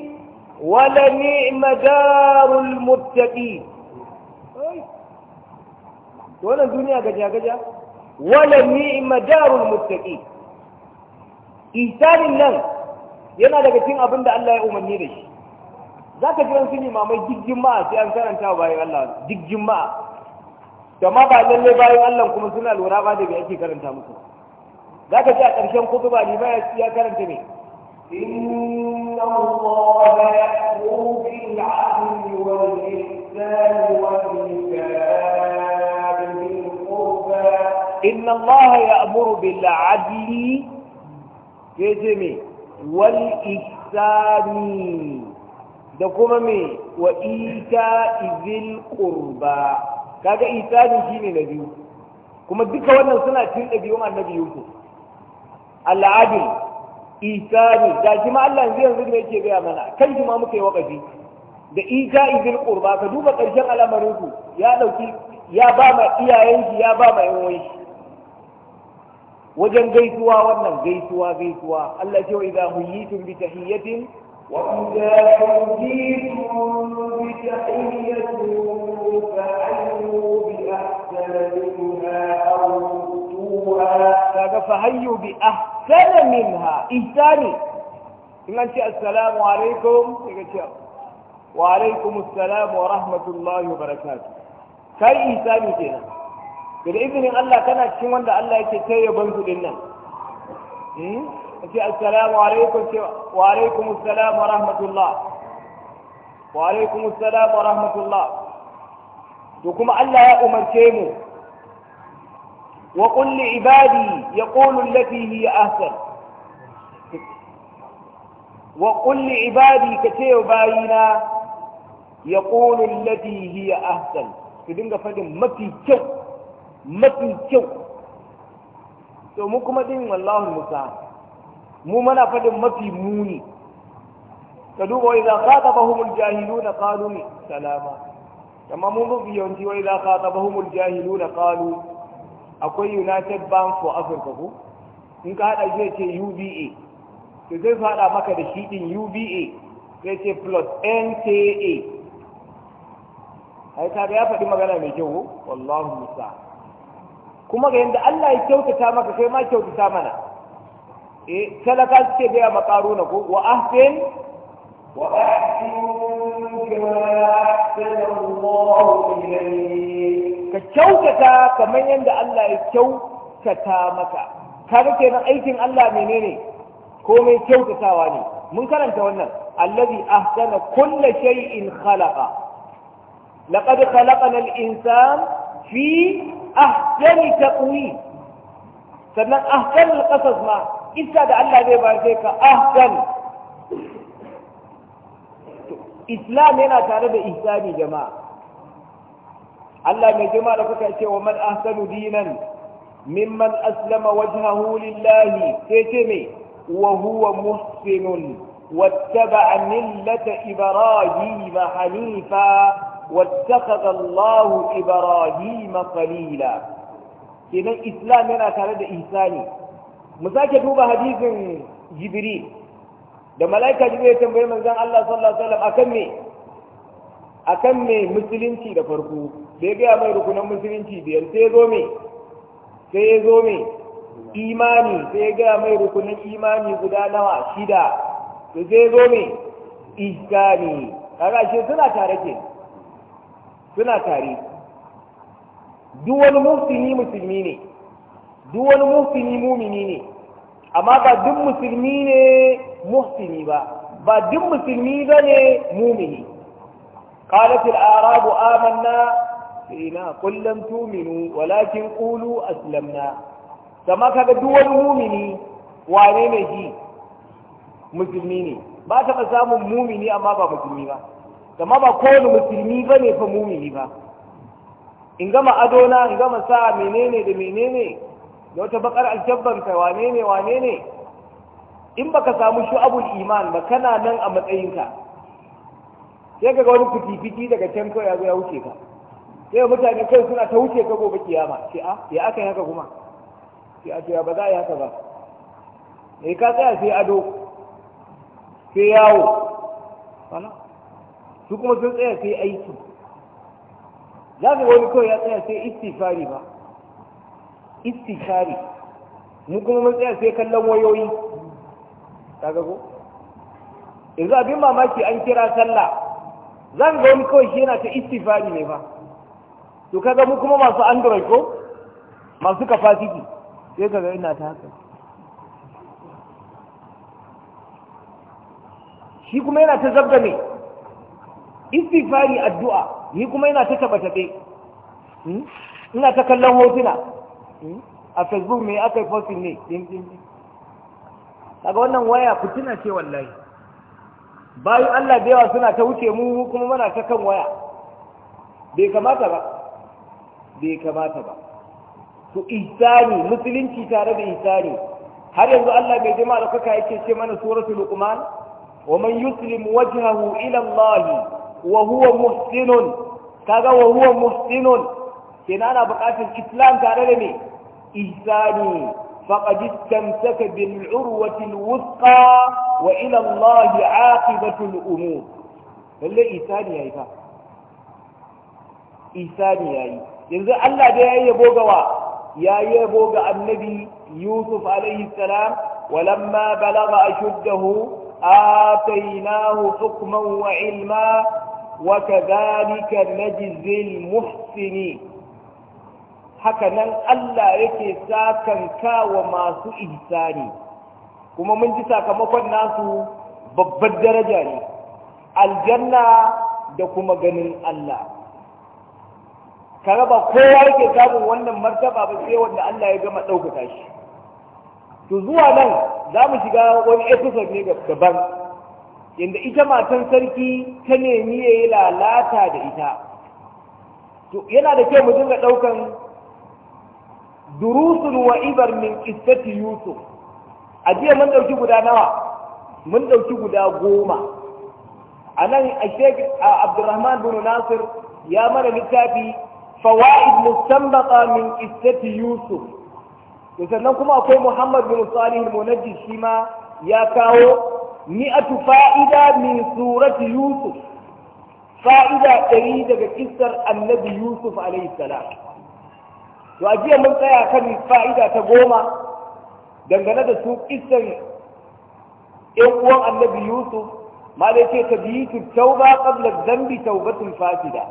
ولنعم دار المتقين wannan duniya gaja-gaja wala ni'ma darul muttaqi ihsanin nan yana daga cikin abin da Allah ya umarni da shi za ka ji wasu limamai jirgin ma sai an karanta bayan Allah jirgin ma da ma ba lalle bayan Allah kuma suna lura ba da me ake karanta musu za ka ji a ƙarshen kutuba limai ya karanta ne inna الله يأمر بالعدل والإحسان وإيتاء ذي القربى إن الله يأمر بالعدل كجمي والإحسان da kuma me wa ita izil qurba kaga itani ne na biyu kuma duka wannan suna cin na annabi yusuf al'adil itani da shi ma Allah zai yanzu ne yake gaya mana kan shi ma muka yi wakafi da ita izil qurba ka duba ƙarshen al'amarin ku ya dauki ya ba ma iyayenki ya ba ma yan wajen gaisuwa wannan gaisuwa gaisuwa Allah ya ce wa idza huyitum bi tahiyatin وإذا بتحية فحيوا بأحسن منها أو فحيوا بأحسن منها إن أنت السلام عليكم وعليكم السلام ورحمة الله وبركاته كاي إهتاني كده بالإذن الله كانت شمان وأن الله يتكيب أنتم لنا السلام عليكم وعليكم السلام ورحمة الله وعليكم السلام ورحمة الله دكم الله أمر كيمو وقل لعبادي يقول التي هي أحسن وقل لعبادي كتير باينا يقول التي هي أحسن كدين قفلين ما في شو ما في شو تو مكما والله المساعد mu mana faɗin mafi muni ka duba wai za ka taɓa humul jahilu na ƙalu ne salama amma mu mafi yawanci wai za ka taɓa humul jahilu na ƙalu akwai united bank for africa ko in ka haɗa zai ce uba to zai faɗa maka da shi ɗin uba zai ce plus nta ai kaga ya faɗi magana mai kyau wallahu musa kuma ga yadda Allah ya kyautata maka kai ma kyautata mana eh talaka suke gaya ma karuna ko wa ahsin wa ka kyautata kamar yadda Allah ya kyautata maka kaga kenan aikin Allah menene komai kyautatawa ne mun karanta wannan allazi ahsana kulli shay'in khalaqa لقد خلقنا الإنسان في أحسن تقويم سنن أحسن القصص ما iska da Allah zai bayar sai ka ahsan islam yana tare da ihsani jama'a Allah mai girma da kuka ce wa man ahsanu dinan mimman aslama wajhahu lillahi sai ce me wa huwa muhsinun wattaba'a millata ibrahim hanifa wattakhadha Allah ibrahim qalila kenan islam yana tare da ihsani mu sake duba hadisin jibiri da mala'ika jibiri ya tambayi manzon Allah sallallahu alaihi wasallam akan me akan me musulunci da farko da ya gaya mai rukunan musulunci biyar sai zo me sai ya zo me imani sai ya gaya mai rukunan imani guda nawa shida to sai zo me ihsani kaga shi suna tare ke suna tare duk wani musulmi musulmi ne duk wani musulmi mumini ne amma ba duk musulmi ne muhsini ba ba duk musulmi ba ne mumini قالت الأعراب آمنا فينا قل لم تؤمنوا ولكن قولوا أسلمنا كما كان دول مؤمني wane ne ji musulmi ne ba taɓa samun mumini amma ba musulmi ba gama ba kowane musulmi ba fa mumini ba in gama adona in gama sa menene da menene da wata bakar aljabbanka wane ne wane ne in baka samu shu'abul iman ba kana nan a matsayinka sai kaga ga wani fitifiti daga can kawai ya zo ya wuce ka sai mutane kai suna ta wuce ka gobe kiyama ce a ah, ya aka yi haka kuma ce a ce ba za a yi haka ba me ka tsaya sai ado sai yawo wala su kuma sun tsaya sai aiki za ka ga wani kawai ya tsaya sai istifari ba istishari mu kuma mun tsaya sai kallon wayoyi kaga ko yanzu abin mamaki an kira sallah zan ga wani kawai shi yana ta istifari ne fa to kaga mu kuma masu android ko masu capacity sai ka ga ina ta haka shi kuma yana ta zabda ne istifari addu'a ni kuma yana ta taba taɓe hmm? ina ta kallon hotuna Hmm? a facebook mai aka yi fosil ne ɗinɗin daga wannan waya fitina ce wallahi bayan Allah da yawa suna ta wuce mu kuma mana ta kan waya bai kamata ba bai kamata ba su isani musulunci tare da isani har yanzu Allah mai jima da kuka yake ce mana suratul luqman wa man yuslim wajhahu ila Allah wa huwa muhsinun kaga wa huwa muhsinun kenan ana buƙatar islam tare da me الثاني فقد استمسك بالعروة الوثقى وإلى الله عاقبة الأمور هل لي إثاني يا إفا إثاني يا إيه ينزل الله دي يا يبوغوا يا يبوغ النبي يوسف عليه السلام ولما بلغ أشده آتيناه حكما وعلما وكذلك نجزي المحسنين haka nan Allah yake sakanka wa masu ihsani kuma mun ji sakamakon nasu babbar daraja ne aljanna da kuma ganin Allah ka raba kowa yake samun wannan martaba ba sai wanda Allah ya gama ɗaukaka shi to zuwa nan za mu shiga wani episode ne daban yadda ita matan sarki ta nemi ya yi lalata da ita to yana da kyau mu dinga ɗaukan durusun wa ibar min kisati yusuf a jiya mun dauki guda nawa mun dauki guda goma a nan a sheik abdurrahman bin nasir ya mana littafi fawaid mustambata min kisati yusuf to sannan kuma akwai muhammad bin salih al shi ma ya kawo mi'atu fa'ida min surati yusuf fa'ida ɗari daga kissar annabi yusuf alaihi salam to a jiya mun tsaya kan fa'ida ta goma dangane da su kisan 'yan uwan annabi yusuf ma da yake zambi tauba qabla dhanbi taubatul fasida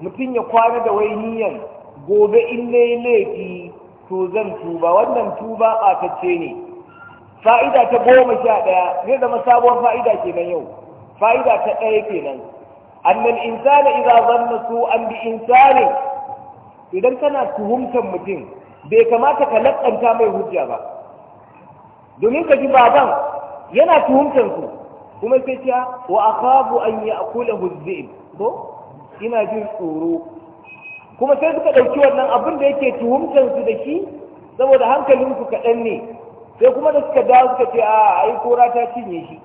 mutum ya kwana da wai niyan gobe in nayi laifi to zan tuba wannan tuba ɓatacce ne fa'ida ta goma sha ɗaya zai da sabuwar fa'ida kenan yau fa'ida ta ɗaya kenan annal insana idza zanna su an bi insani idan kana tuhumtar mutum bai kamata ka lakanta mai hujja ba domin ka ji baban yana tuhumtar ku kuma sai ce wa akhafu an ya'kulahu dhi'b ko ina jin tsoro kuma sai suka ɗauki wannan abin da yake tuhumtar su da shi saboda hankalin ku kaɗan ne sai kuma da suka dawo suka ce a ai kora ta cinye shi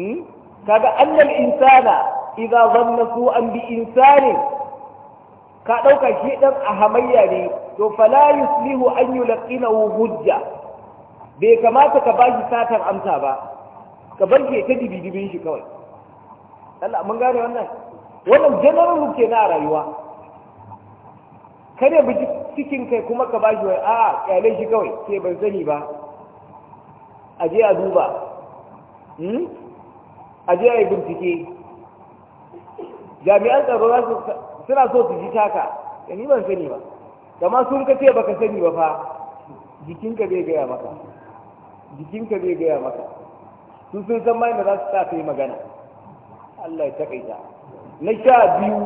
hmm? kaga annal insana idza dhanna an bi insanin ka ɗauka shi ɗan a hamayya ne to fala yuslihu an yulqinahu hujja bai kamata ka bashi satar amsa ba ka bar ke ta dibidibin shi kawai Allah mun gane wannan wannan general ke na rayuwa kare bi cikin kai kuma ka bashi wai a'a kyale shi kawai ke ban sani ba a je a duba hmm? a je a yi bincike jami'an tsaro za su suna so su ji taka da eh, ni ban sani ba da ma sun ka ce baka sani ba fa jikinka zai gaya maka jikinka zai gaya maka su sun san mai da za su sa ta yi magana Allah ya takaita na sha biyu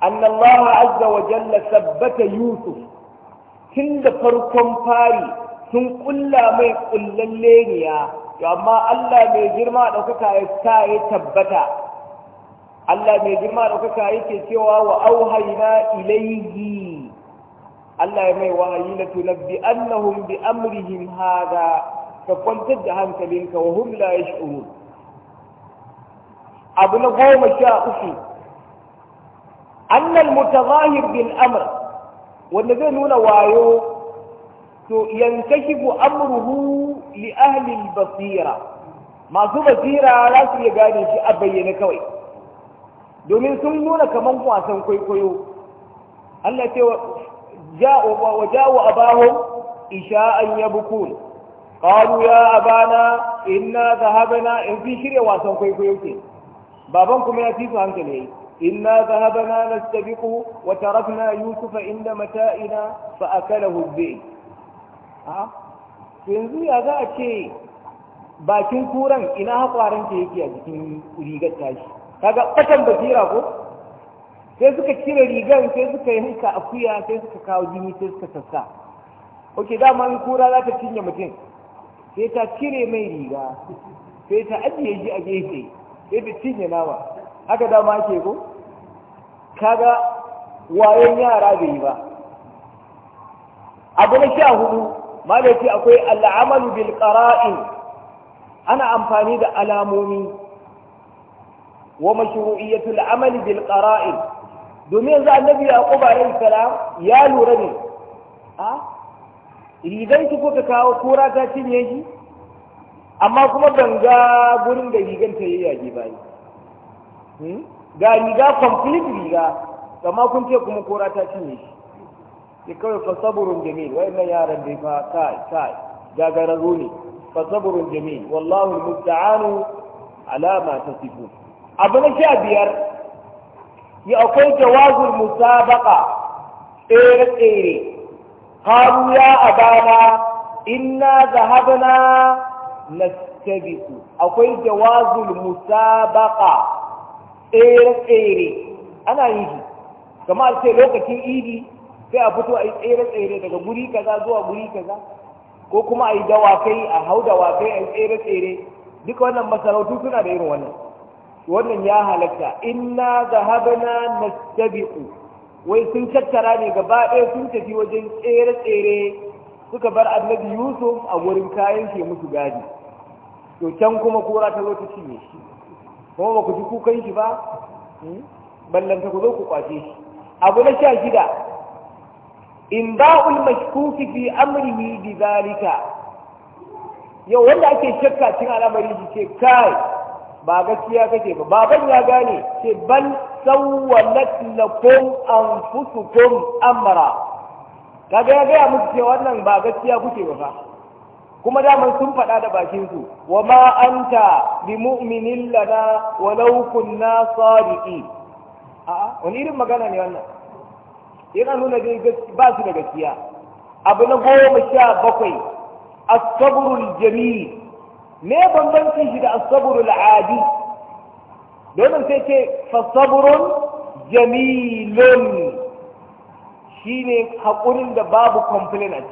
Allah azza wa jalla sabbata Yusuf, tun da farkon fari sun kulla mai kullan leniya amma Allah mai girma ɗaukaka ya sa ya tabbata Allah mai girma da kuka yake cewa wa auhayna ilaihi Allah ya mai wahayi na tunabbi annahum bi amrihim hada ka kwantar da hankalinka wa hum la yash'urun abu na goma sha uku annal mutazahir bil amr wanda zai nuna wayo to yankashifu amruhu li ahli al basira masu basira za su iya gane shi a bayyane kawai domin sun nuna kamar wasan kwaikwayo Allah ce wa ja'u abahum isha'an yabkun qalu ya abana inna habana in fi shirya wasan kwaikwayo ke baban kuma ya fi su hankali yayi inna na nastabiqu wa tarakna yusufa inda mata'ina fa a dhib a yanzu ya za a ce bakin kuran ina haƙwarin ke yake a jikin rigar tashi kaga katan basira ko sai suka cire rigan sai suka yi hanka akuya sai suka kawo jini sai suka sassa oke dama in kura za ta cinye mutum sai ta cire mai riga sai ta ajiye shi a gefe sai ta cinye nama haka dama ake ko kaga wayan yara bai yi ba abu na sha hudu malaki akwai al'amalu bil qara'in ana amfani da alamomi wa mashru'iyatul amal bil qara'in domin yanzu annabi yaquba alayhi salam ya lura ne a idan ki kuka kawo kura ta cinye shi amma kuma ban ga gurin da rigan ta yayyage ba ni hmm? ga riga complete riga amma kun ce kuma kora ta cinye shi ki kawai sabrun jamil inna yaran bi fa kai kai gagararru fa sabrun jamil wallahu musta'anu ala ma tasifun abu na sha biyar ya akwai jawazul musabaka tsere-tsere haru ya abana inna zahabna nastabiqu akwai jawazul musabaqa tsere-tsere ana yi a ce lokacin idi sai a fito a yi tsere-tsere daga guri kaza zuwa guri kaza ko kuma a yi dawakai a hau dawakai a yi tsere-tsere duka wannan masarautu suna da irin wannan wannan ya halatta inna zahabna nastabiqu wai sun tattara ne gaba ɗaya sun tafi wajen tsere-tsere suka bar annabi yusuf a wurin kayan ke musu gadi to can kuma kura ta zo ta cinye shi kuma ba ku ji kukan shi ba hmm? ballanta ku zo ku kwace shi abu na sha shida in ba'ul mashkuki fi amrihi bi zalika yau wanda ake shakka cin al'amari shi ce kai ba gaskiya kake ba baban ya gane ce bal sawwalat lakum anfusukum amra kaga ya gaya muku cewa wannan ba gaskiya kuke ba fa kuma mun sun faɗa da bakin su wa ma anta bi mu'minin lana walau kunna sadiqi a wani irin magana ne wannan yana nuna dai ba su da gaskiya abu na goma sha bakwai as-sabrul jamil me bambanci shi da asaburul adi domin sai ce fasaburun jamilun ne haƙurin da babu complain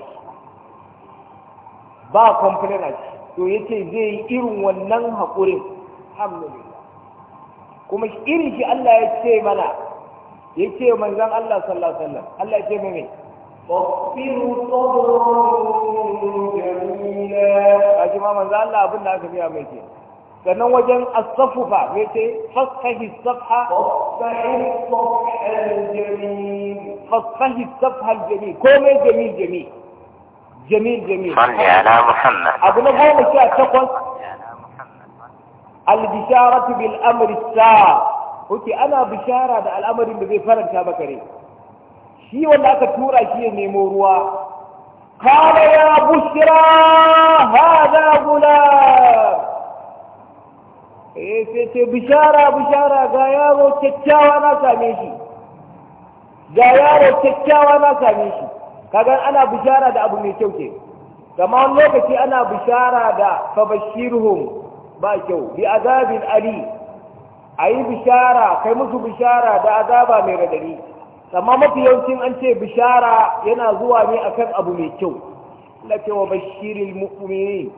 ba complain To ya ce zai yi irin wannan haƙurin alhamdulillah kuma irin shi Allah ya ce mana ya ce manzan Allah sallallahu Allah ya ce mai فاصبروا صبرا جميلا اجي ما منزل الله ابن da aka biya mai ke sannan wajen asafufa ya ce fasahi safha fasahi safha aljamil komai jamil jamil jamil jamil abu na goma sha takwas albisharatu bil amri sa kuke ana bishara da al'amarin da zai faranta maka rai shi wanda aka tura shi ya nemo ruwa kada ya bushira hada gula eh sai ce bishara bishara ga yaro kyakkyawa na same shi ga yaro kyakkyawa na same shi kaga ana bishara da abu mai kyau ke kama wani lokaci ana bishara da fabashirhum ba kyau bi azabin ali a yi bishara kai musu bishara da azaba mai radari amma mafi yawancin an ce bishara yana zuwa ne akan abu mai kyau Na ce wa Bashirin mu'minin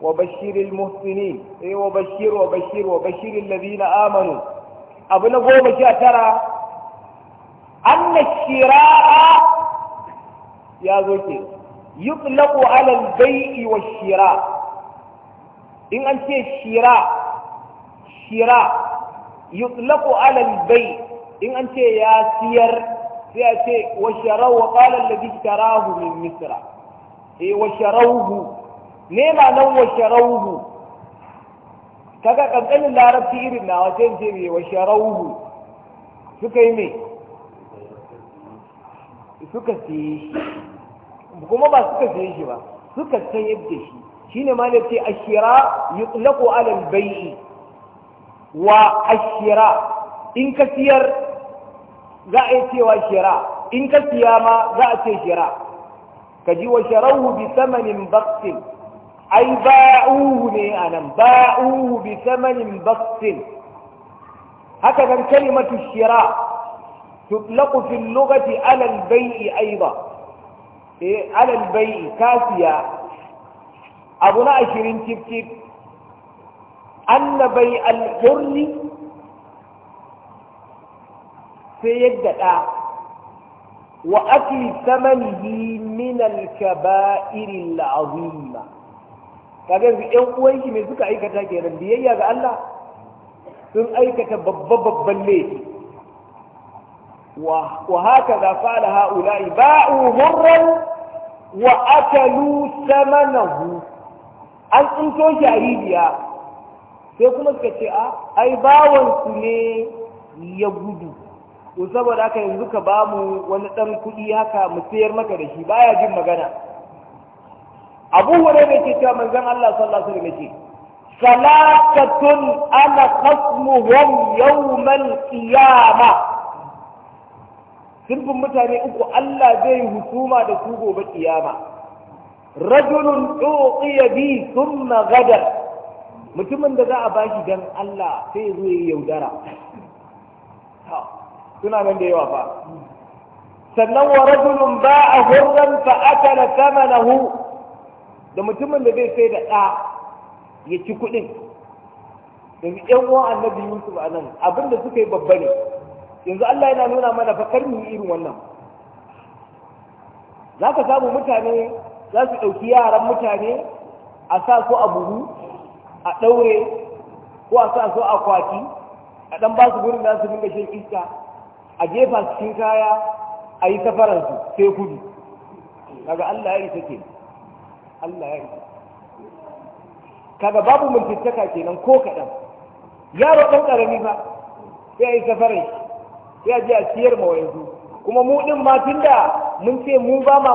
wa Bashirin Muhsini, sai eh, wa bashir wa bashir wa bashiril ladina amanu abu na goma sha tara An anna shira'a ya zo ke yutlaqu ala alal baii wa shira in an ce shira shira yutlaqu ala alal bai in an ce ya siyar sai a ce wa sharau wa qala alladhi tarahu min misra eh wa sharauhu ne ma nan wa sharauhu kaga kankanin larabci irin na wajen ce me wa sharauhu suka yi me suka siye shi kuma ba suka siye shi ba suka san yadda shi Shi ne ma ne ce ashira yutlaqu ala al-bai'i wa a shira? in ka siyar za a yi cewa shira in ka siya ma za a ce shira ka ji wa sharauhu bi samanin baksin ai ba'uhu ne a nan ba'uhu bi samanin baksin haka nan kalimatu shira tutlaqu fi lughati ala al-bai'i aidan eh ala al ka siya abu na ashirin cif cif an na bai al-hurri sai ya gaɗa wa akli samanihi min al-kaba'iri al-azima kaga yanzu ƴan uwan shi me suka aikata kenan biyayya ga Allah sun aikata babba babban laifi wa haka za fa'ala ha'ula'i ba'u hurran wa akalu samanahu an tsinto shi a rijiya sai kuma suka ce a ai bawansu ne ya gudu ko saboda haka yanzu ka bamu wani ɗan kuɗi haka mu sayar maka da shi baya jin magana abu hure da ke cewa manzon Allah sallallahu alaihi wasallam ce salatatun ana khasmuhum yawmal qiyama sunfin mutane uku Allah zai yi hukuma da su gobe kiyama rajulun tuqiya bi thumma gadar mutumin da za a bashi dan Allah sai zo ya yaudara suna nan da yawa fa sannan wa rajulun a hurran fa akala thamanahu da mutumin da zai sai da ɗa ya ci kuɗin da ƴan uwan annabi Yusuf a nan abin suka yi babba ne yanzu Allah yana nuna mana fa karmi irin wannan za ka samu mutane za su ɗauki yaran mutane a sa su a buhu a ɗaure ko a sa su a kwaki a ɗan ba su gurin da su dinga shan iska a jefa cikin kaya a yi safaransu sai kudu kaga Allah ya yi take Allah ya yi. kaga babu mutuntaka kenan ko kaɗan yaro ɗan ƙarami fa sai a yi safarai. sai a a siyar ma wayansu kuma mu ɗin ma tun da mun ce mu ba ma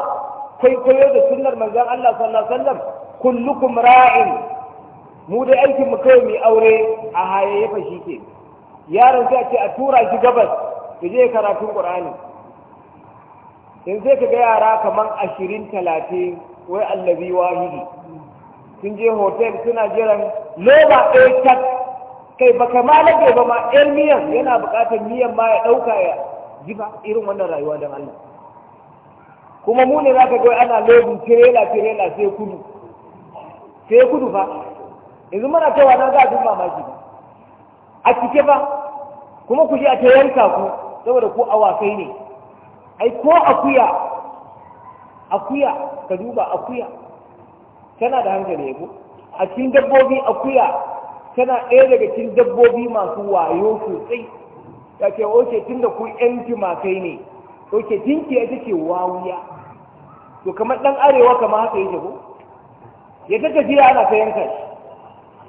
kwaikwayo da sunnar manzon Allah sallallahu alaihi wasallam kullukum ra'in mu dai aikin mu kawai mai aure a hayayyafa shi ke yaron sai a ce a tura shi gabas ya je karatun ƙur'ani in sai ka ga yara kaman ashirin talatin wai allabi wahidi sun je hotel suna jiran loba ɗaya cat kai ba kama lage ba ma 'yan miyan yana buƙatar miyan ma ya ɗauka ya ji ba irin wannan rayuwa don Allah kuma mu ne za ka ga ana lobin tirela tirela sai kudu sai kudu fa yanzu mana cewa na za a mamaki a cike ba, kuma ku je a ta yanka ku saboda ko awakai ne ai ko akuya akuya ka duba akuya tana da hankali ko a cikin dabbobi akuya tana ɗaya daga cikin dabbobi masu wayo sosai ta ce oke tun da ku yan jimakai ne oke tinkiya ta ce wawuya to kamar ɗan arewa kamar haka yake ko ya ta tafiya ana ta yanka shi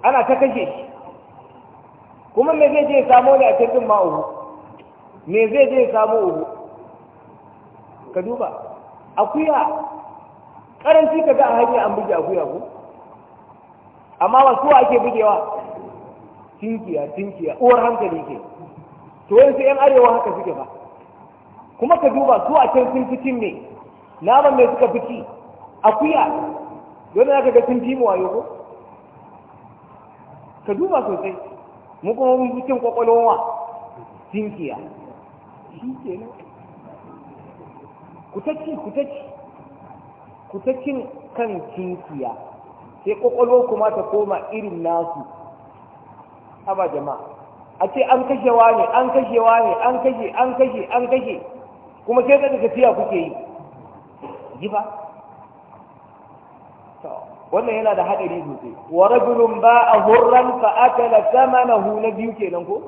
ana ta kashe shi kuma me zai je samo ne a cikin ma'uhu me zai je samu ubu ka duba akuya karanci ka ga a hanyar an buge akuya ku amma ba suwa ake bugewa tinkiya tinkiya uwar hankali ke to yanzu yan arewa haka suke ba kuma ka duba su a can sun fitin ne naman mai suka fiti? akuya dole za ka ga sun fi mu wayo ko ka duba sosai mu kuma mun fi cin kwakwalwa tinkiya shi kenan kutacci kutacci kutaccin kan kinkiya sai kwakwalwar kuma ta koma irin nasu haba jama'a a ce an kashewa ne an kashewa ne an kashe an kashe an kashe kuma sai ka tafiya kuke yi ji ba wannan yana da haɗari sosai wa rajulun ba'a hurran fa akala samanahu na biyu kenan ko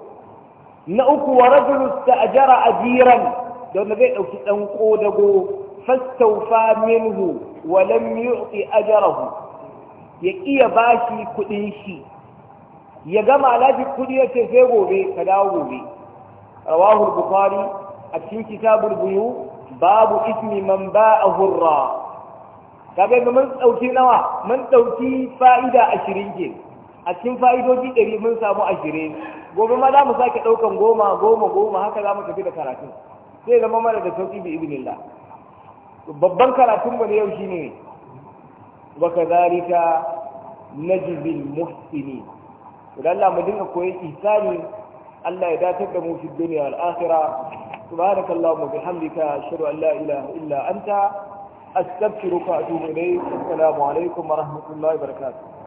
na uku wa jara a jiran da wanda zai ɗauki ɗan kodago fastawfa minhu wa lam yu'ti ajrahu ya iya bashi kuɗin shi ya gama lafi kuɗi ya ce sai gobe ka dawo gobe rawahu bukhari a cikin kitabul buyu babu ismi man ba'a hurra kaga mun dauki nawa mun dauki fa'ida 20 ke a cikin fa'idoji ɗari mun samu ashirin gobe ma za mu sake ɗaukan goma goma goma haka za mu tafi da karatun sai zama mana da sauƙi bi ibnillah babban karatun mu na yau shine wa kadhalika najzil muhsinin idan Allah mu dinga koyi ihsani Allah ya datar da mu fi dunya wal akhirah subhanakallahumma bihamdika ashhadu an la ilaha illa anta astaghfiruka wa atubu ilayk assalamu alaikum wa rahmatullahi wa barakatuh